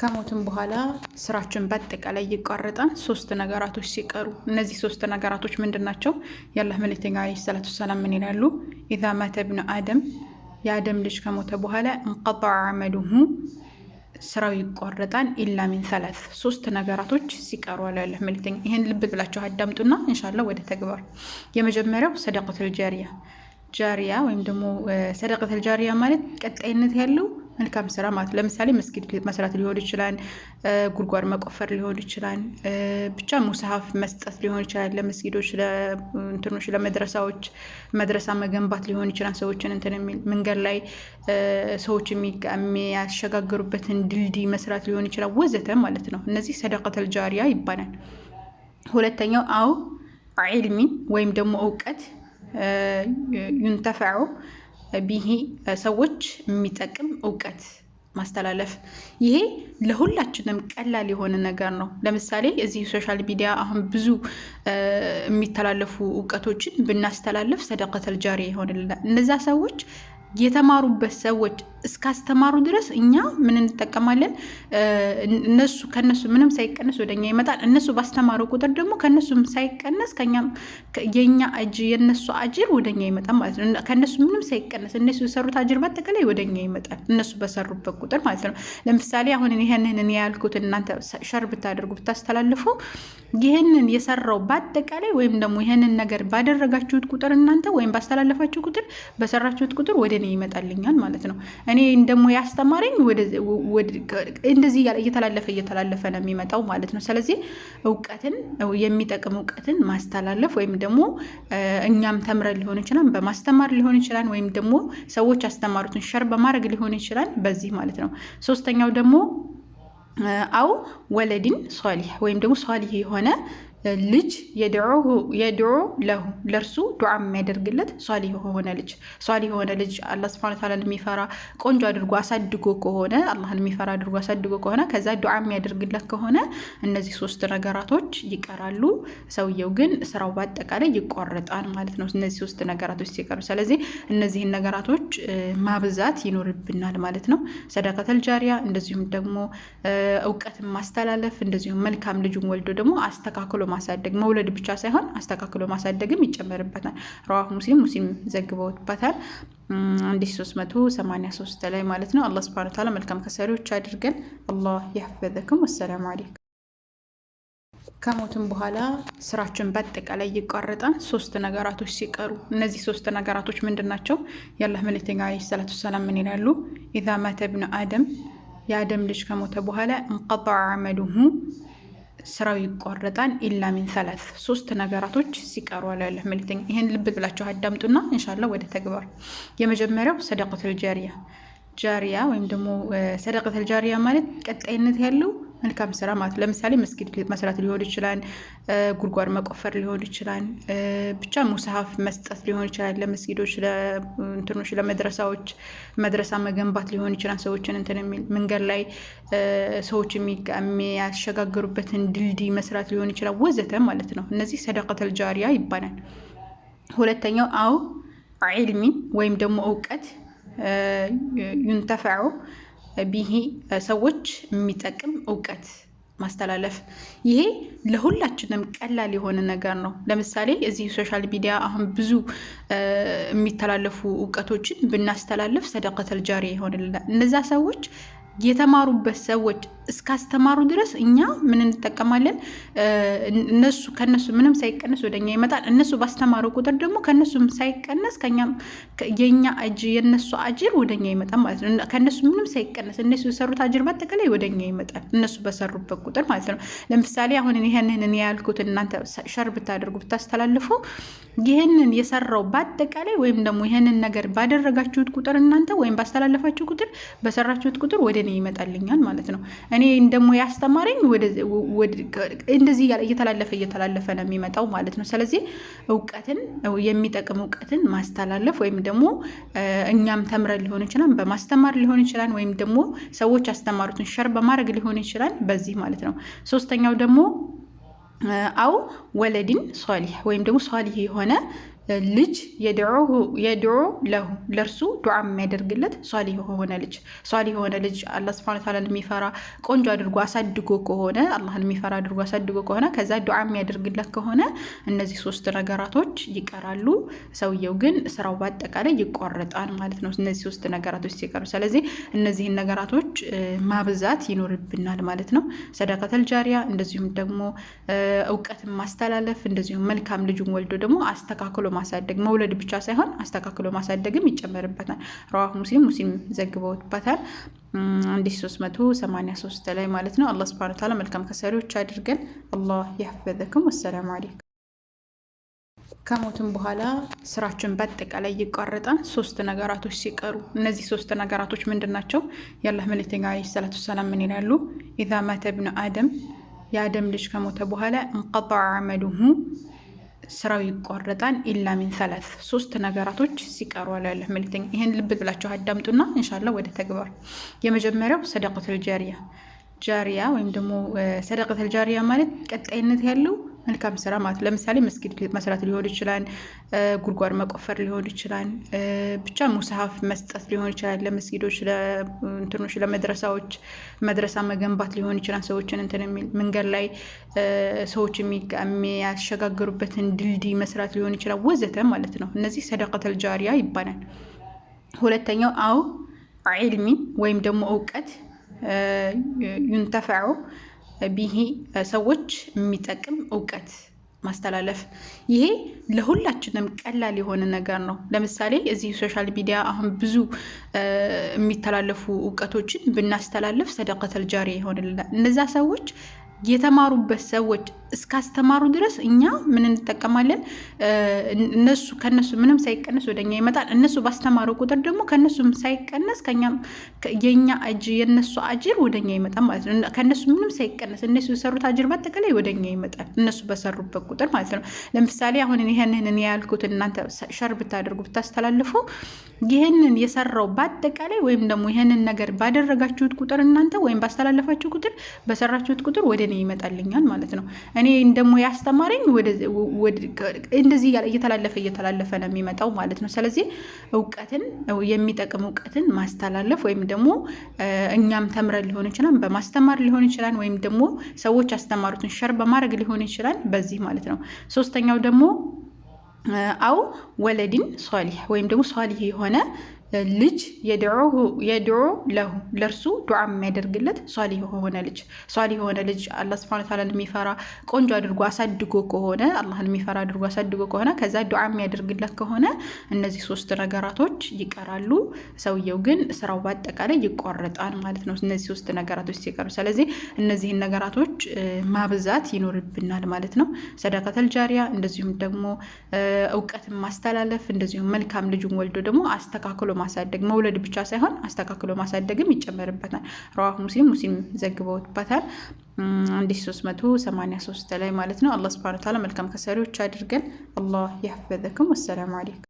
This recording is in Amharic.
ከሞትም በኋላ ስራችን በአጠቃላይ ይቋረጣል። ሶስት ነገራቶች ሲቀሩ እነዚህ ሶስት ነገራቶች ምንድን ናቸው? የአላህ መልእክተኛ ዓለይሂ ሰላቱ ሰላም ምን ይላሉ? ኢዛ ማተ ብነ አደም የአደም ልጅ ከሞተ በኋላ እንቀጣ አመሉሁ ስራው ይቋረጣል። ኢላ ሚን ሰላት ሶስት ነገራቶች ሲቀሩ አለ ያለ መልእክተኛ። ይህን ልብ ብላችሁ አዳምጡና እንሻላ ወደ ተግባር። የመጀመሪያው ሰደቀተል ጃሪያ ጃሪያ ወይም ደግሞ ሰደቀተል ጃሪያ ማለት ቀጣይነት ያለው መልካም ስራ ማለት ለምሳሌ መስጊድ መስራት ሊሆን ይችላል። ጉድጓድ መቆፈር ሊሆን ይችላል። ብቻ ሙስሐፍ መስጠት ሊሆን ይችላል። ለመስጊዶች፣ ለእንትኖች፣ ለመድረሳዎች መድረሳ መገንባት ሊሆን ይችላል። ሰዎችን እንትን የሚል መንገድ ላይ ሰዎች የሚያሸጋግሩበትን ድልድይ መስራት ሊሆን ይችላል። ወዘተ ማለት ነው። እነዚህ ሰደቀተል ጃሪያ ይባላል። ሁለተኛው አው ዒልሚን ወይም ደግሞ እውቀት ዩንተፈዑ ቢሄ ሰዎች የሚጠቅም እውቀት ማስተላለፍ ይሄ ለሁላችንም ቀላል የሆነ ነገር ነው። ለምሳሌ እዚህ ሶሻል ሚዲያ አሁን ብዙ የሚተላለፉ እውቀቶችን ብናስተላለፍ ሰደቀተል ጃሪያ ይሆንልናል። እነዛ ሰዎች የተማሩበት ሰዎች እስካስተማሩ ድረስ እኛ ምን እንጠቀማለን? እነሱ ከነሱ ምንም ሳይቀነስ ወደኛ ይመጣል። እነሱ ባስተማሩ ቁጥር ደግሞ ከነሱም ሳይቀነስ የኛ እጅ የነሱ አጅር ወደኛ ይመጣል ማለት ነው። ከነሱ ምንም ሳይቀነስ እነሱ የሰሩት አጅር በአጠቃላይ ወደኛ ይመጣል፣ እነሱ በሰሩበት ቁጥር ማለት ነው። ለምሳሌ አሁን ይህንን ያልኩት እናንተ ሸር ብታደርጉ ብታስተላልፉ፣ ይህንን የሰራው በአጠቃላይ ወይም ደግሞ ይህንን ነገር ባደረጋችሁት ቁጥር እናንተ ወይም ባስተላለፋችሁ ቁጥር በሰራችሁት ቁጥር ወደ እኔ ይመጣልኛል ማለት ነው። እኔ ደግሞ ያስተማረኝ እንደዚህ እየተላለፈ እየተላለፈ ነው የሚመጣው ማለት ነው። ስለዚህ እውቀትን የሚጠቅም እውቀትን ማስተላለፍ ወይም ደግሞ እኛም ተምረን ሊሆን ይችላል፣ በማስተማር ሊሆን ይችላል፣ ወይም ደግሞ ሰዎች ያስተማሩትን ሸር በማድረግ ሊሆን ይችላል። በዚህ ማለት ነው። ሶስተኛው ደግሞ አው ወለድን ሷሊህ ወይም ደግሞ ሷሊህ የሆነ ልጅ የድዑ ለሁ ለእርሱ ዱዓ የሚያደርግለት ሷሊህ የሆነ ልጅ ሷሊህ የሆነ ልጅ አላህ ስብሐነ ወተዓላ የሚፈራ ቆንጆ አድርጎ አሳድጎ ከሆነ አላህ የሚፈራ አድርጎ አሳድጎ ከሆነ ከዛ ዱዓ የሚያደርግለት ከሆነ እነዚህ ሶስት ነገራቶች ይቀራሉ። ሰውየው ግን ስራው በአጠቃላይ ይቆረጣል ማለት ነው፣ እነዚህ ሶስት ነገራቶች ሲቀሩ። ስለዚህ እነዚህን ነገራቶች ማብዛት ይኖርብናል ማለት ነው። ሰደቀተል ጃሪያ፣ እንደዚሁም ደግሞ እውቀትን ማስተላለፍ፣ እንደዚሁም መልካም ልጁን ወልዶ ደግሞ አስተካክሎ ማሳደግ መውለድ ብቻ ሳይሆን አስተካክሎ ማሳደግም ይጨመርበታል። ረዋሁ ሙስሊም ሙስሊም ዘግበውበታል 1383 ላይ ማለት ነው። አላህ ስብሐነ ወተዓላ መልካም ከሰሪዎች አድርገን። አላህ ያህፈዘኩም። ወሰላሙ አለይኩም። ከሞትም በኋላ ስራችን በአጠቃላይ ይቋረጣል። ሶስት ነገራቶች ሲቀሩ፣ እነዚህ ሶስት ነገራቶች ምንድን ናቸው? የአላህ መልእክተኛ ዓለይሂ ሰላቱ ሰላም ምን ይላሉ? ኢዛ ማተ ብኑ አደም የአደም ልጅ ከሞተ በኋላ እንቀጠዐ አመሉሁ ስራው ይቋረጣል። ኢላ ሚን ሶስት ነገራቶች ሲቀሩ አላለ መልክተኛ። ይህን ልብ ብላችሁ አዳምጡና እንሻላ ወደ ተግባር። የመጀመሪያው ሰደቀተል ጃሪያ ጃሪያ ወይም ደግሞ ሰደቀተል ጃሪያ ማለት ቀጣይነት ያለው መልካም ስራ ማለት ለምሳሌ መስጊድ መስራት ሊሆን ይችላል፣ ጉድጓድ መቆፈር ሊሆን ይችላል፣ ብቻ ሙስሐፍ መስጠት ሊሆን ይችላል፣ ለመስጊዶች እንትኖች፣ ለመድረሳዎች መድረሳ መገንባት ሊሆን ይችላል። ሰዎችን እንትን የሚል መንገድ ላይ ሰዎች የሚያሸጋግሩበትን ድልድይ መስራት ሊሆን ይችላል፣ ወዘተ ማለት ነው። እነዚህ ሰደቀተል ጃሪያ ይባላል። ሁለተኛው አው ዒልሚን ወይም ደግሞ እውቀት ዩንተፈዑ ቢሄ ሰዎች የሚጠቅም እውቀት ማስተላለፍ ይሄ ለሁላችንም ቀላል የሆነ ነገር ነው። ለምሳሌ እዚህ ሶሻል ሚዲያ አሁን ብዙ የሚተላለፉ እውቀቶችን ብናስተላለፍ ሰደቀተል ጃሪ ይሆንልናል። እነዛ ሰዎች የተማሩበት ሰዎች እስካስተማሩ ድረስ እኛ ምን እንጠቀማለን? እነሱ ከነሱ ምንም ሳይቀነስ ወደኛ ይመጣል። እነሱ ባስተማሩ ቁጥር ደግሞ ከነሱም ሳይቀነስ የኛ እጅ የነሱ አጅር ወደኛ ይመጣል ማለት ነው። ከነሱ ምንም ሳይቀነስ እነሱ የሰሩት አጅር በአጠቃላይ ወደኛ ይመጣል፣ እነሱ በሰሩበት ቁጥር ማለት ነው። ለምሳሌ አሁን ይህንን እኔ ያልኩት እናንተ ሸር ብታደርጉ ብታስተላልፉ፣ ይህንን የሰራው በአጠቃላይ ወይም ደግሞ ይህንን ነገር ባደረጋችሁት ቁጥር እናንተ ወይም ባስተላለፋችሁ ቁጥር በሰራችሁት ቁጥር ወደ ይመጣልኛል ማለት ነው። እኔ ደግሞ ያስተማረኝ እንደዚህ እየተላለፈ እየተላለፈ ነው የሚመጣው ማለት ነው። ስለዚህ እውቀትን የሚጠቅም እውቀትን ማስተላለፍ ወይም ደግሞ እኛም ተምረን ሊሆን ይችላል፣ በማስተማር ሊሆን ይችላል፣ ወይም ደግሞ ሰዎች ያስተማሩትን ሸር በማድረግ ሊሆን ይችላል። በዚህ ማለት ነው። ሶስተኛው ደግሞ አው ወለድን ሷሊህ ወይም ደግሞ ሷሊህ የሆነ ልጅ የድዑ ለሁ ለእርሱ ዱዓ የሚያደርግለት ሷሊህ የሆነ ልጅ ሷሊህ የሆነ ልጅ አላህ ሱብሐነሁ ወተዓላን የሚፈራ ቆንጆ አድርጎ አሳድጎ ከሆነ አላህን የሚፈራ አድርጎ አሳድጎ ከሆነ ከዛ ዱዓ የሚያደርግለት ከሆነ እነዚህ ሶስት ነገራቶች ይቀራሉ። ሰውየው ግን ስራው በአጠቃላይ ይቆረጣል ማለት ነው። እነዚህ ሶስት ነገራቶች ሲቀሩ፣ ስለዚህ እነዚህን ነገራቶች ማብዛት ይኖርብናል ማለት ነው። ሰደቀተል ጃሪያ፣ እንደዚሁም ደግሞ እውቀትን ማስተላለፍ፣ እንደዚሁም መልካም ልጁን ወልዶ ደግሞ አስተካክሎ ማሳደግ መውለድ ብቻ ሳይሆን አስተካክሎ ማሳደግም ይጨመርበታል። ረዋሁ ሙስሊም ሙስሊም ዘግበውበታል 1383 ላይ ማለት ነው። አላህ ስብሐነ ወተዓላ መልካም ከሰሪዎች አድርገን። አላህ ያፈዘክም። ወሰላሙ አለይኩም። ከሞትም በኋላ ስራችን በአጠቃላይ ይቋረጣል። ሶስት ነገራቶች ሲቀሩ እነዚህ ሶስት ነገራቶች ምንድን ናቸው? የአላህ መልእክተኛ ዓለይሂ ሰላቱ ወሰላም ምን ይላሉ? ኢዛ ማተ ብኑ አደም የአደም ልጅ ከሞተ በኋላ እንቀጠዐ አመሉሁ ስራው ይቋረጣል። ኢላ ሚን ሰላስ ሶስት ነገራቶች ሲቀሩ አላለ መልክተኛ። ይህን ልብ ብላችሁ አዳምጡና እንሻላ ወደ ተግባር። የመጀመሪያው ሰደቀተል ጃሪያ ጃሪያ ወይም ደግሞ ሰደቀተል ጃሪያ ማለት ቀጣይነት ያለው መልካም ስራ ማለት ለምሳሌ መስጊድ መስራት ሊሆን ይችላል። ጉድጓድ መቆፈር ሊሆን ይችላል። ብቻ ሙስሐፍ መስጠት ሊሆን ይችላል። ለመስጊዶች፣ ለእንትኖች፣ ለመድረሳዎች መድረሳ መገንባት ሊሆን ይችላል። ሰዎችን እንትን የሚል መንገድ ላይ ሰዎች የሚያሸጋግሩበትን ድልድይ መስራት ሊሆን ይችላል። ወዘተ ማለት ነው። እነዚህ ሰደቀተል ጃሪያ ይባላል። ሁለተኛው አው ዒልሚ ወይም ደግሞ እውቀት ዩንተፈዑ ቢሄ ሰዎች የሚጠቅም እውቀት ማስተላለፍ ይሄ ለሁላችንም ቀላል የሆነ ነገር ነው። ለምሳሌ እዚህ ሶሻል ሚዲያ አሁን ብዙ የሚተላለፉ እውቀቶችን ብናስተላለፍ ሰደቀተል ጃሪያ ይሆንልናል። እነዛ ሰዎች የተማሩበት ሰዎች እስካስተማሩ ድረስ እኛ ምን እንጠቀማለን? እነሱ ከነሱ ምንም ሳይቀነስ ወደኛ ይመጣል። እነሱ ባስተማሩ ቁጥር ደግሞ ከነሱም ሳይቀነስ የኛ እጅ የነሱ አጅር ወደኛ ይመጣል ማለት ነው። ከነሱ ምንም ሳይቀነስ እነሱ የሰሩት አጅር በአጠቃላይ ወደኛ ይመጣል፣ እነሱ በሰሩበት ቁጥር ማለት ነው። ለምሳሌ አሁን ይህንን ያልኩት እናንተ ሸር ብታደርጉ ብታስተላልፉ፣ ይህንን የሰራው በአጠቃላይ ወይም ደግሞ ይህንን ነገር ባደረጋችሁት ቁጥር እናንተ ወይም ባስተላለፋችሁ ቁጥር በሰራችሁት ቁጥር ወደ እኔ ይመጣልኛል ማለት ነው። እኔ ደግሞ ያስተማረኝ እንደዚህ እየተላለፈ እየተላለፈ ነው የሚመጣው ማለት ነው። ስለዚህ እውቀትን የሚጠቅም እውቀትን ማስተላለፍ ወይም ደግሞ እኛም ተምረን ሊሆን ይችላል፣ በማስተማር ሊሆን ይችላል፣ ወይም ደግሞ ሰዎች ያስተማሩትን ሸር በማድረግ ሊሆን ይችላል። በዚህ ማለት ነው። ሶስተኛው ደግሞ አው ወለድን ሷሊህ ወይም ደግሞ ሷሊህ የሆነ ልጅ የድዑ ለሁ ለእርሱ ዱዓ የሚያደርግለት ሷሊ የሆነ ልጅ ሷሊ የሆነ ልጅ አላህ ስብሐነ ወተዓላ የሚፈራ ቆንጆ አድርጎ አሳድጎ ከሆነ አላህን የሚፈራ አድርጎ አሳድጎ ከሆነ ከዛ ዱዓ የሚያደርግለት ከሆነ እነዚህ ሶስት ነገራቶች ይቀራሉ። ሰውየው ግን ስራው በአጠቃላይ ይቆረጣል ማለት ነው፣ እነዚህ ሶስት ነገራቶች ሲቀሩ። ስለዚህ እነዚህን ነገራቶች ማብዛት ይኖርብናል ማለት ነው። ሰደቀተል ጃሪያ፣ እንደዚሁም ደግሞ እውቀትን ማስተላለፍ፣ እንደዚሁም መልካም ልጁን ወልዶ ደግሞ አስተካክሎ ማሳደግ መውለድ ብቻ ሳይሆን አስተካክሎ ማሳደግም ይጨመርበታል። ረዋሁ ሙስሊም ሙስሊም ዘግበውበታል 1383 ላይ ማለት ነው። አላህ ስብሐነ ወተዓላ መልካም ከሰሪዎች አድርገን። አላህ ያህፈዘኩም። ወሰላሙ አለይኩም